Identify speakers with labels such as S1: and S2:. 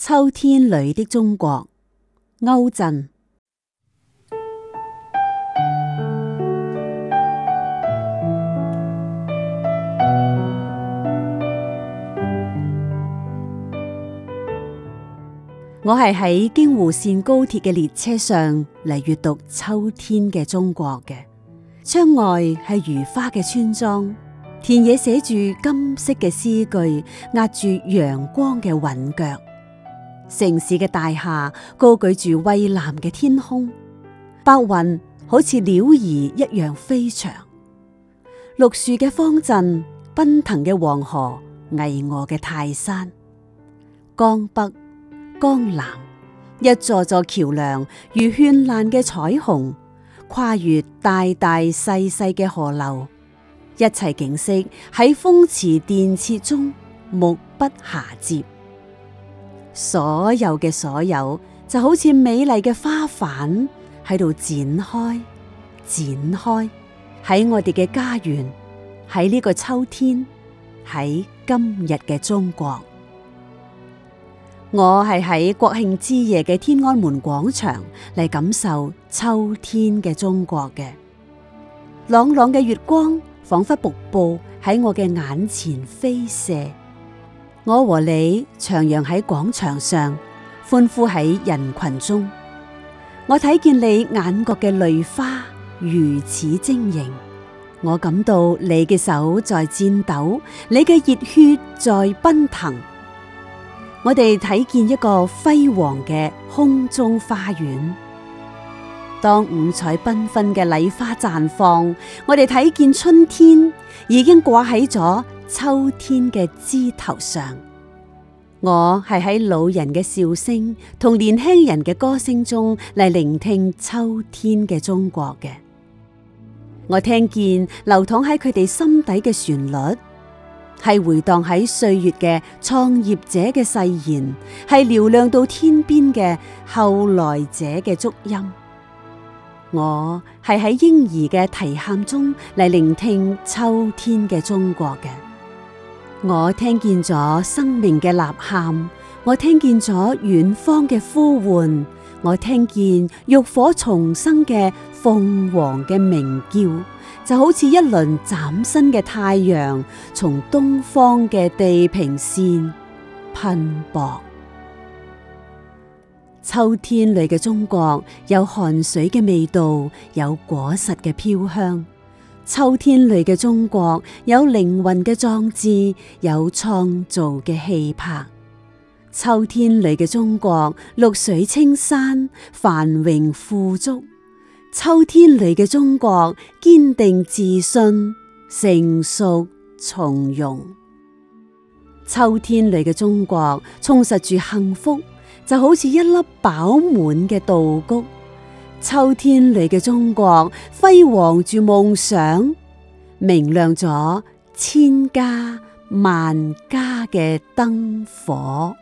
S1: 秋天裏的中國，歐震。我係喺京滬線高鐵嘅列車上嚟閱讀秋天嘅中國嘅。窗外係如花嘅村莊，田野寫住金色嘅詩句，壓住陽光嘅韻腳。城市嘅大廈高舉住蔚藍嘅天空，白雲好似鳥兒一樣飛翔。綠樹嘅方陣，奔騰嘅黃河，巍峨嘅泰山，江北江南，一座座橋梁如絢爛嘅彩虹，跨越大大細細嘅河流，一切景色喺風馳電掣中目不暇接。所有嘅所有就好似美麗嘅花瓣喺度展開、展開喺我哋嘅家園，喺呢個秋天，喺今日嘅中國，我係喺國慶之夜嘅天安門廣場嚟，感受秋天嘅中國嘅。朗朗嘅月光仿佛瀑布喺我嘅眼前飛射。我和你徜徉喺廣場上，歡呼喺人群中。我睇見你眼角嘅淚花如此晶瑩，我感到你嘅手在顫抖，你嘅熱血在奔騰。我哋睇見一個輝煌嘅空中花園，當五彩繽紛嘅禮花綻放，我哋睇見春天已經掛起咗，秋天嘅枝頭上，我係喺老人嘅笑聲同年輕人嘅歌聲中嚟聆聽秋天嘅中國嘅。我聽見流淌喺佢哋心底嘅旋律，係回盪喺歲月嘅創業者嘅誓言，係嘹亮到天邊嘅後來者嘅足音。我係喺嬰兒嘅啼喊中嚟聆聽秋天嘅中國嘅。我聽見咗生命嘅吶喊，我聽見咗遠方嘅呼喚，我聽見浴火重生嘅鳳凰嘅鳴叫，就好似一輪嶄新嘅太陽從東方嘅地平線噴薄。秋天裏嘅中國有汗水嘅味道，有果實嘅飄香。秋天裏嘅中國，有靈魂嘅壯志，有創造嘅氣魄。秋天裏嘅中國，綠水青山，繁榮富足。秋天裏嘅中國，堅定自信，成熟從容。秋天裏嘅中國充實住幸福，就好似一粒飽滿嘅稻谷。秋天裏嘅中國，輝煌住夢想，明亮咗千家萬家嘅燈火。